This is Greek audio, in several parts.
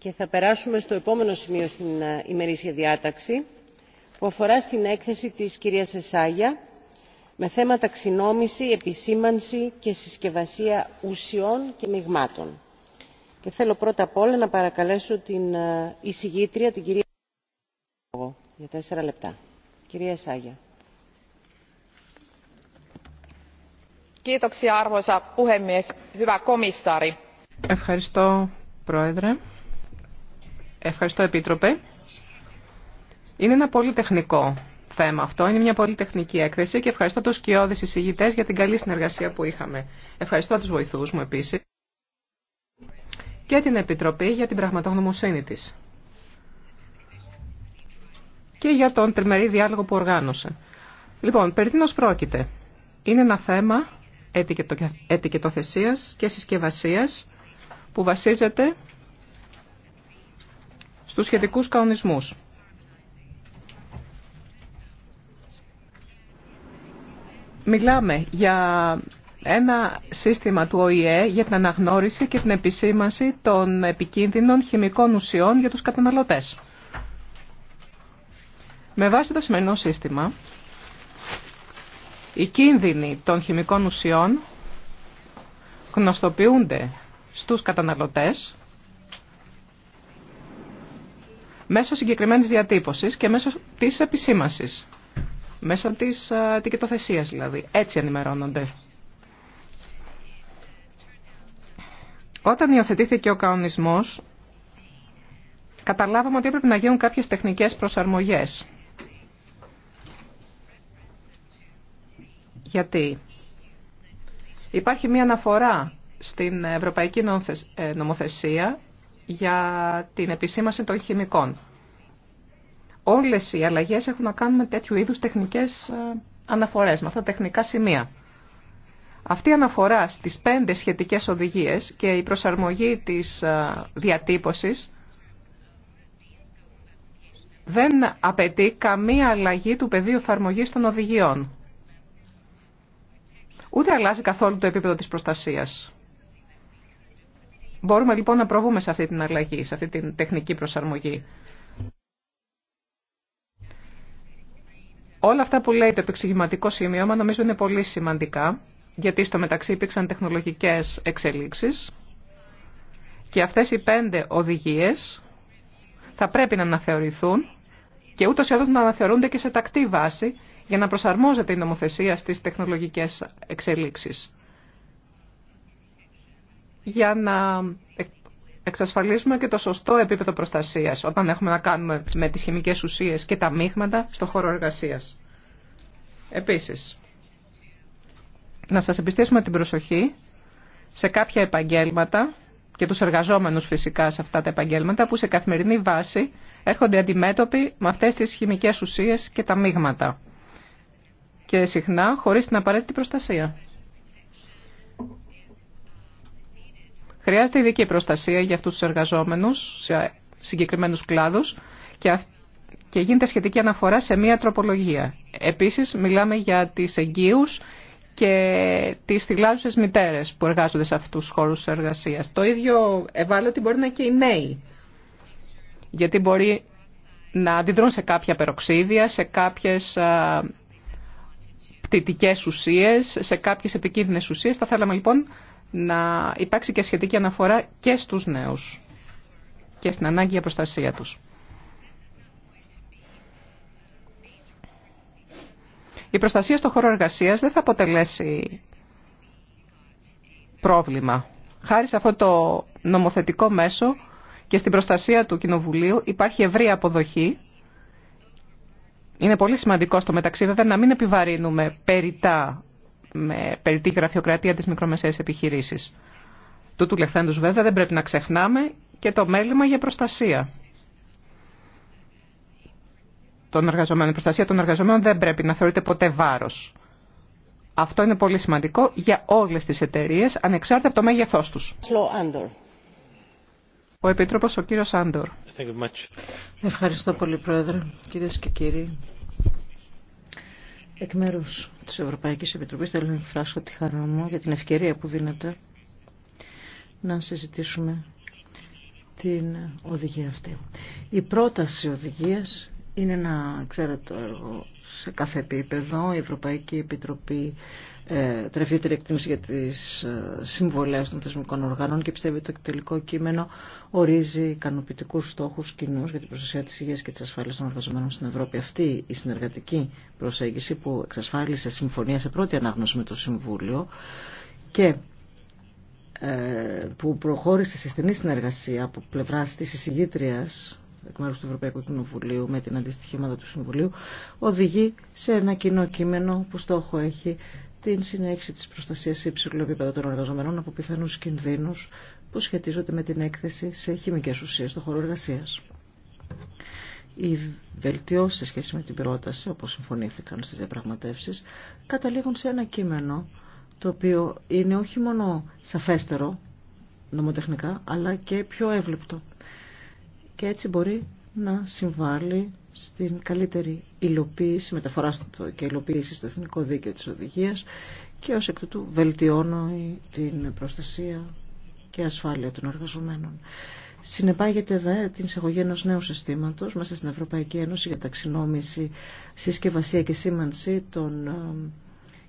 και θα περάσουμε στο επόμενο σημείο στην ε, ημερήσια διάταξη που αφορά στην έκθεση της κυρίας Εσάγια με θέμα ταξινόμηση, επισήμανση και συσκευασία ουσιών και μειγμάτων. Και θέλω πρώτα απ' όλα να παρακαλέσω την ε, εισηγήτρια, την κυρία για τέσσερα λεπτά. Κυρία Εσάγια. Ευχαριστώ, Πρόεδρε. Ευχαριστώ, Επίτροπε. Είναι ένα πολύ τεχνικό θέμα αυτό. Είναι μια πολύ τεχνική έκθεση και ευχαριστώ τους κοιόδης εισηγητές για την καλή συνεργασία που είχαμε. Ευχαριστώ τους βοηθούς μου επίσης και την Επιτροπή για την πραγματογνωμοσύνη της και για τον τριμερή διάλογο που οργάνωσε. Λοιπόν, περί τίνος πρόκειται. Είναι ένα θέμα ετικετοθεσίας και συσκευασίας που βασίζεται στους σχετικούς κανονισμούς. Μιλάμε για ένα σύστημα του ΟΗΕ για την αναγνώριση και την επισήμανση των επικίνδυνων χημικών ουσιών για τους καταναλωτές. Με βάση το σημερινό σύστημα, οι κίνδυνοι των χημικών ουσιών γνωστοποιούνται στους καταναλωτές μέσω συγκεκριμένη διατύπωση και μέσω τη επισήμανσης. Μέσω τη αντικειτοθεσία δηλαδή. Έτσι ενημερώνονται. Όταν υιοθετήθηκε ο κανονισμός, καταλάβαμε ότι έπρεπε να γίνουν κάποιες τεχνικές προσαρμογές. Γιατί υπάρχει μία αναφορά στην Ευρωπαϊκή ε, Νομοθεσία για την επισήμαση των χημικών. Όλες οι αλλαγές έχουν να κάνουν με τέτοιου είδους τεχνικές ε, αναφορές, με αυτά τα τεχνικά σημεία. Αυτή η αναφορά στις πέντε σχετικές οδηγίες και η προσαρμογή της ε, διατύπωσης δεν απαιτεί καμία αλλαγή του πεδίου εφαρμογή των οδηγιών. Ούτε αλλάζει καθόλου το επίπεδο της προστασίας. Μπορούμε λοιπόν να προβούμε σε αυτή την αλλαγή, σε αυτή την τεχνική προσαρμογή. Όλα αυτά που λέει το επεξηγηματικό σημείωμα νομίζω είναι πολύ σημαντικά, γιατί στο μεταξύ υπήρξαν τεχνολογικές εξελίξεις και αυτές οι πέντε οδηγίες θα πρέπει να αναθεωρηθούν και ούτως ή άλλως να αναθεωρούνται και σε τακτή βάση για να προσαρμόζεται η νομοθεσία στις τεχνολογικές εξελίξεις για να εξασφαλίσουμε και το σωστό επίπεδο προστασίας όταν έχουμε να κάνουμε με τις χημικές ουσίες και τα μείγματα στο χώρο εργασίας. Επίσης, να σας επιστήσουμε την προσοχή σε κάποια επαγγέλματα και τους εργαζόμενους φυσικά σε αυτά τα επαγγέλματα που σε καθημερινή βάση έρχονται αντιμέτωποι με αυτές τις χημικές ουσίες και τα μείγματα και συχνά χωρίς την απαραίτητη προστασία. Χρειάζεται ειδική προστασία για αυτούς τους εργαζόμενους σε συγκεκριμένους κλάδους και, και γίνεται σχετική αναφορά σε μία τροπολογία. Επίσης, μιλάμε για τις εγγύους και τις θυλάζουσες μητέρες που εργάζονται σε αυτούς τους χώρους εργασίας. Το ίδιο ευάλωτη μπορεί να είναι και οι νέοι, γιατί μπορεί να αντιδρούν σε κάποια περοξίδια, σε κάποιες πτυτικές ουσίες, σε κάποιες επικίνδυνες ουσίες. Θα θέλαμε λοιπόν να υπάρξει και σχετική αναφορά και στους νέους και στην ανάγκη για προστασία τους. Η προστασία στον χώρο εργασίας δεν θα αποτελέσει πρόβλημα. Χάρη σε αυτό το νομοθετικό μέσο και στην προστασία του Κοινοβουλίου υπάρχει ευρή αποδοχή. Είναι πολύ σημαντικό στο μεταξύ βέβαια να μην επιβαρύνουμε περιτά με περί τη γραφειοκρατία της μικρομεσαίας επιχειρήσης. Τούτου λεχθέντους βέβαια δεν πρέπει να ξεχνάμε και το μέλημα για προστασία. Των εργαζομένων. Η προστασία των εργαζομένων δεν πρέπει να θεωρείται ποτέ βάρος. Αυτό είναι πολύ σημαντικό για όλες τις εταιρείες, ανεξάρτητα από το μέγεθός τους. Ο Επίτροπος, ο κύριος Άντορ. Ευχαριστώ πολύ, Πρόεδρε, κύριε και κύριοι. Εκ μέρου τη Ευρωπαϊκή Επιτροπή θέλω να εκφράσω τη χαρά μου για την ευκαιρία που δίνεται να συζητήσουμε την οδηγία αυτή. Η πρόταση οδηγίας είναι ένα ξέρετε έργο σε κάθε επίπεδο. Η Ευρωπαϊκή Επιτροπή ε, τρεφύτερη εκτίμηση για τις ε, συμβολές των θεσμικών οργάνων και πιστεύει ότι το τελικό κείμενο ορίζει ικανοποιητικούς στόχους κοινού για την προστασία της υγείας και της ασφάλειας των εργαζομένων στην Ευρώπη. Αυτή η συνεργατική προσέγγιση που εξασφάλισε συμφωνία σε πρώτη ανάγνωση με το Συμβούλιο και ε, που προχώρησε σε στενή συνεργασία από πλευρά τη εισηγήτρια εκ μέρου του Ευρωπαϊκού Κοινοβουλίου με την αντίστοιχη ομάδα του Συμβουλίου, οδηγεί σε ένα κοινό κείμενο που στόχο έχει την συνέχιση της προστασίας σε υψηλό επίπεδο των εργαζομένων από πιθανούς κινδύνους που σχετίζονται με την έκθεση σε χημικές ουσίες στον χώρο εργασίας. Οι βελτιώσει σε σχέση με την πρόταση, όπως συμφωνήθηκαν στις διαπραγματεύσει, καταλήγουν σε ένα κείμενο το οποίο είναι όχι μόνο σαφέστερο νομοτεχνικά, αλλά και πιο εύληπτο. Και έτσι μπορεί να συμβάλλει στην καλύτερη υλοποίηση, μεταφορά και υλοποίηση στο εθνικό δίκαιο της οδηγίας και ως εκ τούτου βελτιώνω την προστασία και ασφάλεια των εργαζομένων. Συνεπάγεται δε την εισαγωγή ενό νέου συστήματο μέσα στην Ευρωπαϊκή Ένωση για ταξινόμηση, συσκευασία και σήμανση των ε,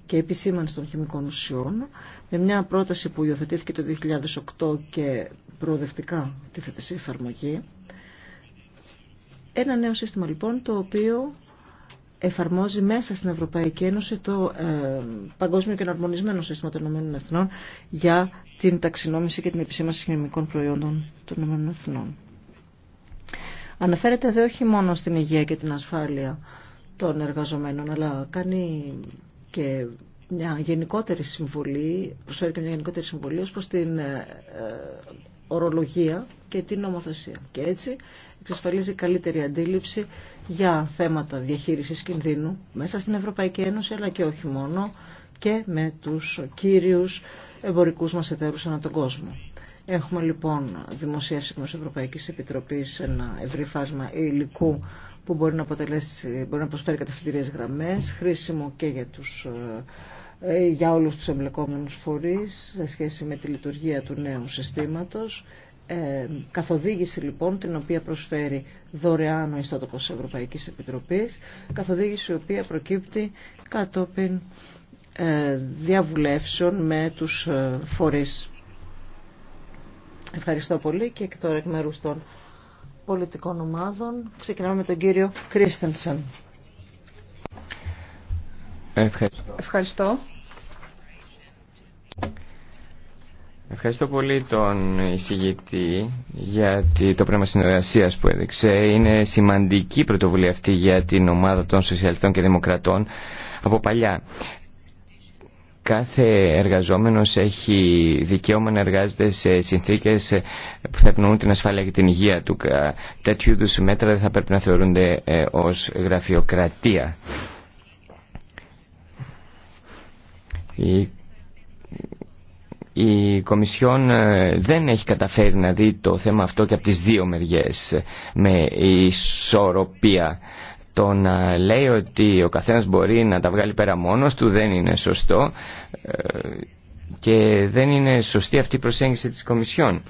και επισήμανση των χημικών ουσιών, με μια πρόταση που υιοθετήθηκε το 2008 και προοδευτικά τίθεται σε εφαρμογή ένα νέο σύστημα λοιπόν το οποίο εφαρμόζει μέσα στην Ευρωπαϊκή Ένωση το ε, παγκόσμιο και εναρμονισμένο σύστημα των Ηνωμένων Εθνών για την ταξινόμηση και την επίσημαση χημικών προϊόντων των Ηνωμένων Εθνών. Αναφέρεται εδώ όχι μόνο στην υγεία και την ασφάλεια των εργαζομένων, αλλά κάνει και μια γενικότερη συμβολή, προσφέρει και μια γενικότερη συμβολή ως προς την ε, ε, ορολογία και την νομοθεσία. Και έτσι εξασφαλίζει καλύτερη αντίληψη για θέματα διαχείρισης κινδύνου μέσα στην Ευρωπαϊκή Ένωση αλλά και όχι μόνο και με τους κύριους εμπορικούς μας εταίρους ανά τον κόσμο. Έχουμε λοιπόν δημοσίευση της Ευρωπαϊκής Επιτροπής ένα ευρύ φάσμα υλικού που μπορεί να, μπορεί να προσφέρει κατευθυντηρίες γραμμές, χρήσιμο και για τους ε, ε, για όλους τους εμπλεκόμενους φορείς σε σχέση με τη λειτουργία του νέου συστήματος. Ε, καθοδήγηση λοιπόν την οποία προσφέρει δωρεάν ο Ιστότοπος Ευρωπαϊκής Επιτροπής, καθοδήγηση η οποία προκύπτει κατόπιν ε, διαβουλεύσεων με τους ε, φορείς. Ευχαριστώ πολύ και τώρα εκ μέρους των πολιτικών ομάδων ξεκινάμε με τον κύριο Κρίστενσεν. Ευχαριστώ. Ευχαριστώ. πολύ τον εισηγητή για το πνεύμα συνεργασία που έδειξε. Είναι σημαντική πρωτοβουλία αυτή για την ομάδα των Σοσιαλιστών και Δημοκρατών από παλιά. Κάθε εργαζόμενος έχει δικαίωμα να εργάζεται σε συνθήκες που θα επινοούν την ασφάλεια και την υγεία του. Τέτοιου είδου μέτρα δεν θα πρέπει να θεωρούνται ε, ως γραφειοκρατία. Η, η Κομισιόν ε, δεν έχει καταφέρει να δει το θέμα αυτό και από τις δύο μεριές με ισορροπία. Το να λέει ότι ο καθένας μπορεί να τα βγάλει πέρα μόνος του δεν είναι σωστό ε, και δεν είναι σωστή αυτή η προσέγγιση της Κομισιόν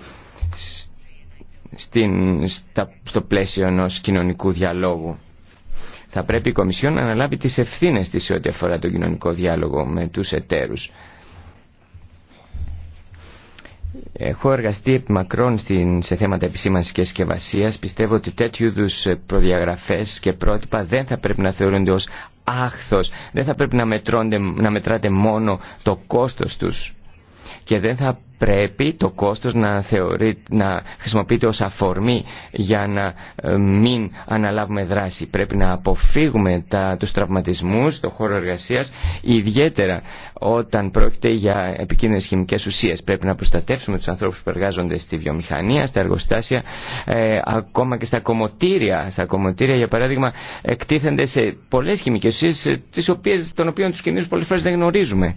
στην, στο πλαίσιο ενός κοινωνικού διαλόγου. Θα πρέπει η Κομισιόν να αναλάβει τις ευθύνες της σε ό,τι αφορά τον κοινωνικό διάλογο με τους εταίρους. Έχω εργαστεί επί μακρόν σε θέματα επισήμανσης και συσκευασία. Πιστεύω ότι τέτοιου είδου προδιαγραφές και πρότυπα δεν θα πρέπει να θεωρούνται ως άχθος. Δεν θα πρέπει να, να μετράτε μόνο το κόστος τους. Και δεν θα πρέπει το κόστος να, θεωρεί, να χρησιμοποιείται ως αφορμή για να ε, μην αναλάβουμε δράση. Πρέπει να αποφύγουμε τα, τους τραυματισμούς στον χώρο εργασίας, ιδιαίτερα όταν πρόκειται για επικίνδυνες χημικές ουσίες. Πρέπει να προστατεύσουμε τους ανθρώπους που εργάζονται στη βιομηχανία, στα εργοστάσια, ε, ακόμα και στα κομμωτήρια. Στα κομμωτήρια, για παράδειγμα, εκτίθενται σε πολλές χημικές ουσίες, ε, τις οποίες, των οποίων τους κινδύνους πολλές φορές δεν γνωρίζουμε.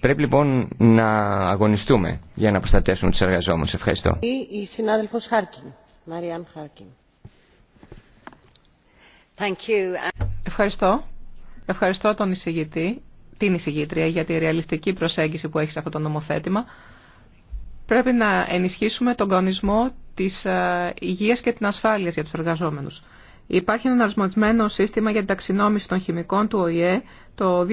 Πρέπει λοιπόν να αγωνιστούμε για να προστατεύσουμε τους εργαζόμενους. Ευχαριστώ. Η, συνάδελφος Χάρκιν, Μαριάν Χάρκιν. Thank you. Ευχαριστώ. Ευχαριστώ τον εισηγητή, την εισηγήτρια για τη ρεαλιστική προσέγγιση που έχει σε αυτό το νομοθέτημα. Πρέπει να ενισχύσουμε τον κανονισμό της ε, υγείας και την ασφαλειας για τους εργαζόμενους. Υπάρχει ένα αρμοσμένο σύστημα για την ταξινόμηση των χημικών του ΟΗΕ, το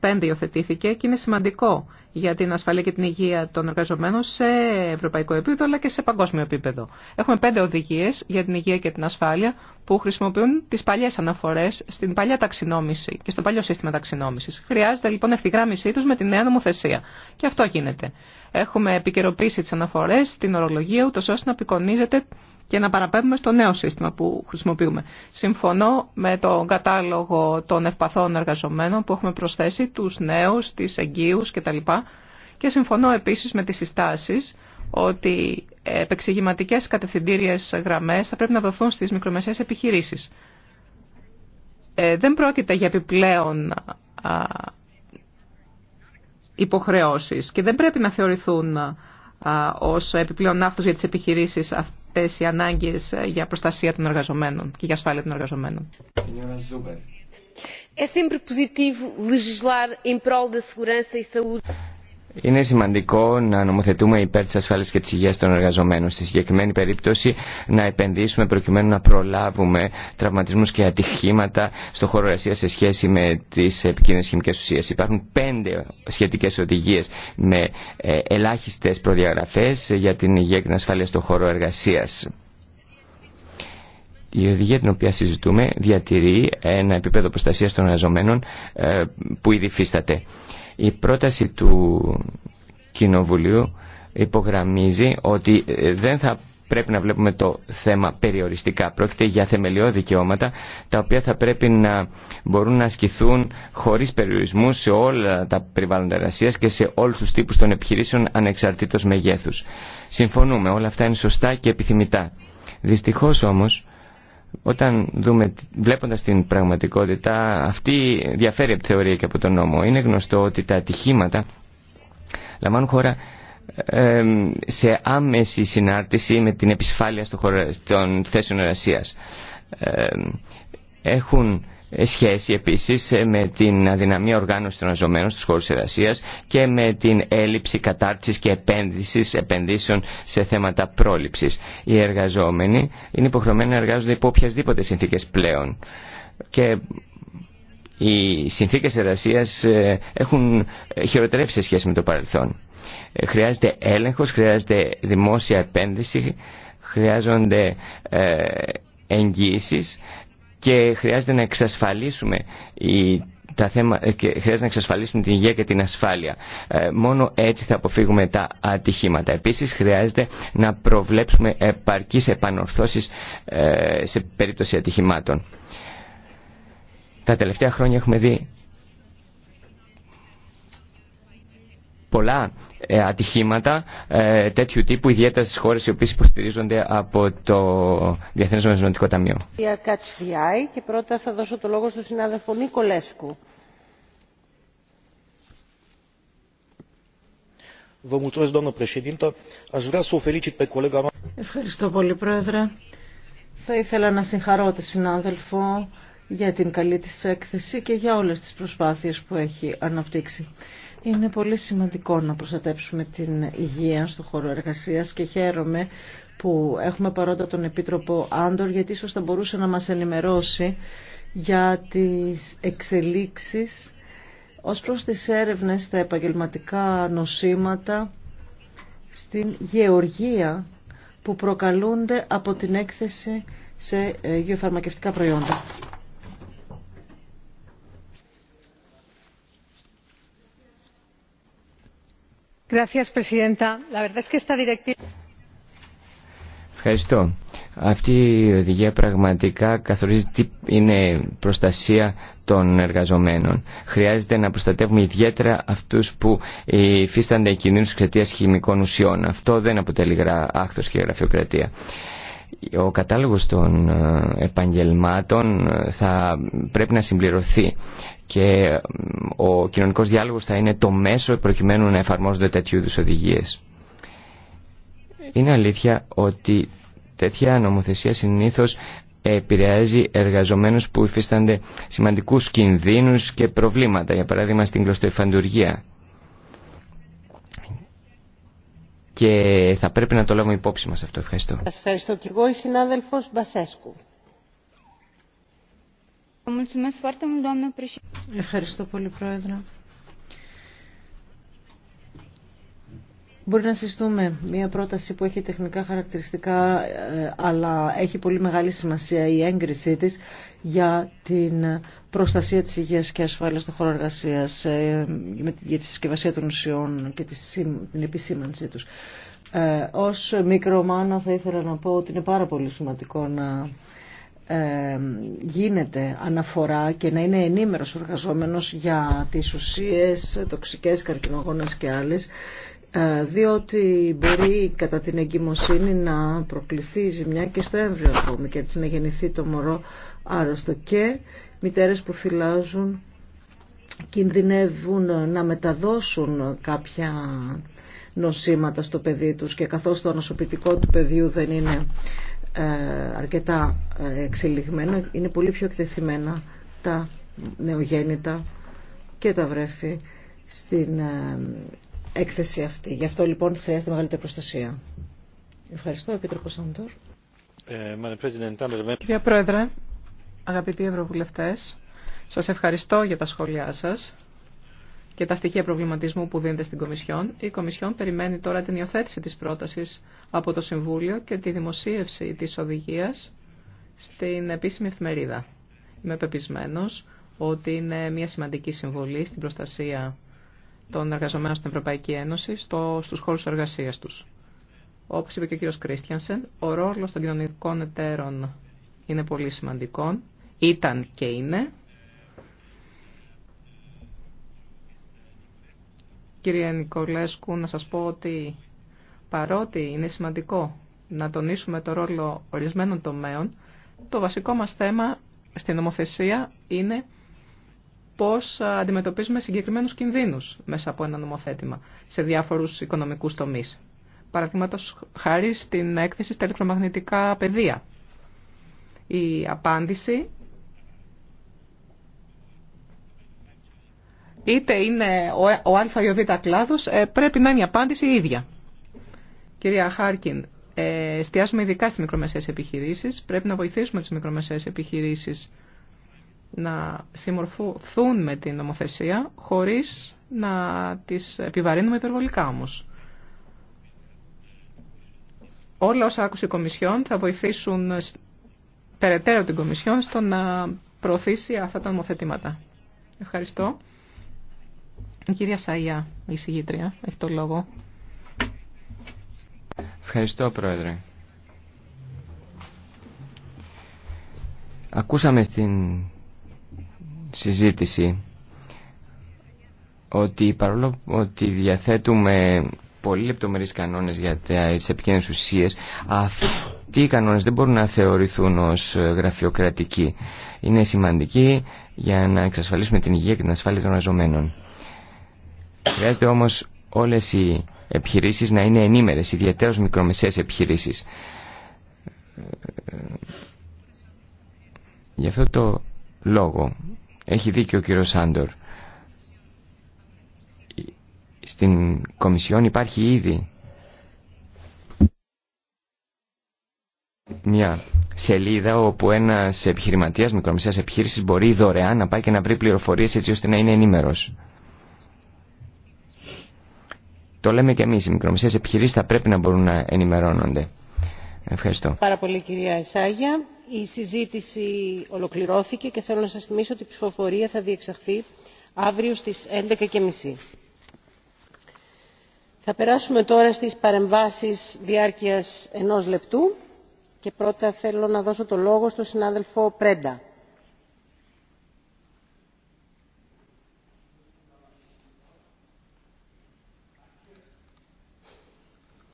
2005 υιοθετήθηκε και είναι σημαντικό για την ασφαλεία και την υγεία των εργαζομένων σε ευρωπαϊκό επίπεδο αλλά και σε παγκόσμιο επίπεδο. Έχουμε πέντε οδηγίες για την υγεία και την ασφάλεια που χρησιμοποιούν τις παλιές αναφορές στην παλιά ταξινόμηση και στο παλιό σύστημα ταξινόμησης. Χρειάζεται λοιπόν ευθυγράμμισή τους με τη νέα νομοθεσία. Και αυτό γίνεται. Έχουμε επικαιροποίησει τις αναφορές, την ορολογία, ούτως ώστε να απεικονίζεται και να παραπέμπουμε στο νέο σύστημα που χρησιμοποιούμε. Συμφωνώ με τον κατάλογο των ευπαθών εργαζομένων που έχουμε προσθέσει, τους νέους, τις εγγύους κτλ. Και συμφωνώ επίσης με τις συστάσεις ότι επεξηγηματικές κατευθυντήριες γραμμές θα πρέπει να δοθούν στις μικρομεσαίες επιχειρήσεις. Ε, δεν πρόκειται για επιπλέον υποχρεώσεις και δεν πρέπει να θεωρηθούν ως επιπλέον ναύτος για τις επιχειρήσεις αυτές οι ανάγκες για προστασία των εργαζομένων και για ασφάλεια των εργαζομένων. Είναι σημαντικό να νομοθετούμε υπέρ τη ασφάλεια και τη υγεία των εργαζομένων. Στη συγκεκριμένη περίπτωση να επενδύσουμε προκειμένου να προλάβουμε τραυματισμού και ατυχήματα στο χώρο εργασία σε σχέση με τι επικίνδυνε χημικέ ουσίε. Υπάρχουν πέντε σχετικέ οδηγίε με ε, ελάχιστε προδιαγραφέ για την υγεία και την ασφάλεια στον χώρο εργασία. Η οδηγία την οποία συζητούμε διατηρεί ένα επίπεδο προστασία των εργαζομένων ε, που ήδη η πρόταση του Κοινοβουλίου υπογραμμίζει ότι ε, δεν θα πρέπει να βλέπουμε το θέμα περιοριστικά. Πρόκειται για θεμελιώδη δικαιώματα τα οποία θα πρέπει να μπορούν να ασκηθούν χωρίς περιορισμού σε όλα τα περιβάλλοντα εργασία και σε όλους τους τύπους των επιχειρήσεων ανεξαρτήτως μεγέθους. Συμφωνούμε, όλα αυτά είναι σωστά και επιθυμητά. Δυστυχώς όμως όταν δούμε, βλέποντας την πραγματικότητα, αυτή διαφέρει από τη θεωρία και από τον νόμο. Είναι γνωστό ότι τα ατυχήματα λαμβάνουν χώρα σε άμεση συνάρτηση με την επισφάλεια στο χώρο, των θέσεων εργασία. έχουν σχέση επίσης ε, με την αδυναμία οργάνωση των εργαζομένων στους χώρους εργασίας και με την έλλειψη κατάρτισης και επένδυσης επενδύσεων σε θέματα πρόληψης. Οι εργαζόμενοι είναι υποχρεωμένοι να εργάζονται υπό οποιασδήποτε συνθήκες πλέον και οι συνθήκες εργασίας ε, έχουν χειροτερέψει σε σχέση με το παρελθόν. Ε, χρειάζεται έλεγχος, χρειάζεται δημόσια επένδυση, χρειάζονται εγγύησεις και χρειάζεται να εξασφαλίσουμε τα θέμα, ε, και χρειάζεται εξασφαλίσουμε την υγεία και την ασφάλεια. Ε, μόνο έτσι θα αποφύγουμε τα ατυχήματα. Επίσης χρειάζεται να προβλέψουμε επαρκείς επανορθώσεις ε, σε περίπτωση ατυχημάτων. Τα τελευταία χρόνια έχουμε δει πολλά ε, ατυχήματα ε, τέτοιου τύπου, ιδιαίτερα στις χώρες οι οποίες υποστηρίζονται από το Διεθνές Μεσονοτικό Ταμείο. Και πρώτα θα δώσω το λόγο στον συνάδελφο Ευχαριστώ πολύ, Πρόεδρε. Θα ήθελα να συγχαρώ τη συνάδελφο για την καλή της έκθεση και για όλες τις προσπάθειες που έχει αναπτύξει. Είναι πολύ σημαντικό να προστατέψουμε την υγεία στο χώρο εργασίας και χαίρομαι που έχουμε παρόντα τον Επίτροπο Άντορ γιατί ίσως θα μπορούσε να μας ενημερώσει για τις εξελίξεις ως προς τις έρευνες στα επαγγελματικά νοσήματα στην γεωργία που προκαλούνται από την έκθεση σε γεωφαρμακευτικά προϊόντα. Ευχαριστώ. Αυτή η οδηγία πραγματικά καθορίζει τι είναι προστασία των εργαζομένων. Χρειάζεται να προστατεύουμε ιδιαίτερα αυτούς που υφίστανται κινδύνους εξαιτία χημικών ουσιών. Αυτό δεν αποτελεί άκθος και γραφειοκρατία. Ο κατάλογος των ε, επαγγελμάτων ε, θα πρέπει να συμπληρωθεί και ο κοινωνικός διάλογος θα είναι το μέσο προκειμένου να εφαρμόζονται τέτοιου είδους οδηγίες. Είναι αλήθεια ότι τέτοια νομοθεσία συνήθως επηρεάζει εργαζομένους που υφίστανται σημαντικούς κινδύνους και προβλήματα, για παράδειγμα στην κλωστοεφαντουργία. Και θα πρέπει να το λάβουμε υπόψη μας αυτό. Ευχαριστώ. Σας ευχαριστώ και εγώ, η συνάδελφος Μπασέσκου. Ευχαριστώ πολύ, Πρόεδρε. Μπορεί να συστούμε μια πρόταση που έχει τεχνικά χαρακτηριστικά, ε, αλλά έχει πολύ μεγάλη σημασία η έγκρισή της για την προστασία της υγείας και ασφάλειας του χώρο εργασίας, ε, για τη συσκευασία των ουσιών και την επισήμανσή τους. Ε, ως μικρομάνα θα ήθελα να πω ότι είναι πάρα πολύ σημαντικό να γίνεται αναφορά και να είναι ενήμερος ο για τις ουσίες τοξικές, καρκινογόνες και άλλες ε, διότι μπορεί κατά την εγκυμοσύνη να προκληθεί ζημιά και στο έμβριο ακόμη και έτσι να γεννηθεί το μωρό άρρωστο και μητέρες που θυλάζουν κινδυνεύουν να μεταδώσουν κάποια νοσήματα στο παιδί τους και καθώς το ανασωπητικό του παιδιού δεν είναι ε, αρκετά ε, εξελιγμένα, είναι πολύ πιο εκτεθειμένα τα νεογέννητα και τα βρέφη στην ε, έκθεση αυτή. Γι' αυτό λοιπόν χρειάζεται μεγαλύτερη προστασία. Ευχαριστώ, Επίτροπο Σαντόρ. Κυρία Πρόεδρε, αγαπητοί Ευρωβουλευτές, σας ευχαριστώ για τα σχόλιά σας και τα στοιχεία προβληματισμού που δίνεται στην Κομισιόν, η Κομισιόν περιμένει τώρα την υιοθέτηση της πρότασης από το Συμβούλιο και τη δημοσίευση της οδηγίας στην επίσημη εφημερίδα. Είμαι πεπισμένος ότι είναι μια σημαντική συμβολή στην προστασία των εργαζομένων στην Ευρωπαϊκή Ένωση στο, στους χώρους εργασίας τους. Όπως είπε και ο κ. Κρίστιανσεν, ο ρόλος των κοινωνικών εταίρων είναι πολύ σημαντικό, ήταν και είναι. Κύριε Νικολέσκου, να σας πω ότι παρότι είναι σημαντικό να τονίσουμε το ρόλο ορισμένων τομέων, το βασικό μας θέμα στην νομοθεσία είναι πώς αντιμετωπίζουμε συγκεκριμένους κινδύνους μέσα από ένα νομοθέτημα σε διάφορους οικονομικούς τομείς. Παραδείγματο χάρη στην έκθεση στα ηλεκτρομαγνητικά πεδία. Η απάντηση είτε είναι ο α ή ο β κλάδος, ε, πρέπει να είναι η απάντηση η ίδια. Κυρία Χάρκιν, ε, εστιάζουμε ειδικά στις μικρομεσαίες επιχειρήσεις. Πρέπει να βοηθήσουμε τις μικρομεσαίες επιχειρήσεις να συμμορφωθούν με την νομοθεσία χωρίς να τις επιβαρύνουμε υπερβολικά όμως. Όλα όσα άκουσε η Κομισιόν θα βοηθήσουν περαιτέρω την Κομισιόν στο να προωθήσει αυτά τα νομοθετήματα. Ευχαριστώ. Η κυρία Σαϊά, η συγγήτρια, έχει το λόγο. Ευχαριστώ, Πρόεδρε. Ακούσαμε στην συζήτηση ότι παρόλο ότι διαθέτουμε πολύ λεπτομερείς κανόνες για τις επικίνδυνες ουσίες, αυτοί οι κανόνες δεν μπορούν να θεωρηθούν ως γραφειοκρατικοί. Είναι σημαντικοί για να εξασφαλίσουμε την υγεία και την ασφάλεια των αζωμένων. Χρειάζεται όμως όλες οι επιχειρήσεις να είναι ενήμερες, ιδιαίτερω μικρομεσαίες επιχειρήσεις. Ε, ε, γι' αυτό το λόγο έχει δίκιο ο κύριος Σάντορ. Στην Κομισιόν υπάρχει ήδη μια σελίδα όπου ένας επιχειρηματίας μικρομεσαίας επιχείρησης μπορεί δωρεάν να πάει και να βρει πληροφορίες έτσι ώστε να είναι ενήμερος. Το λέμε και εμείς, οι μικρομεσαίες επιχειρήσεις θα πρέπει να μπορούν να ενημερώνονται. Ευχαριστώ. Πάρα πολύ κυρία Εσάγια. Η συζήτηση ολοκληρώθηκε και θέλω να σας θυμίσω ότι η ψηφοφορία θα διεξαχθεί αύριο στις 11.30. Θα περάσουμε τώρα στις παρεμβάσεις διάρκειας ενός λεπτού και πρώτα θέλω να δώσω το λόγο στον συνάδελφο Πρέντα.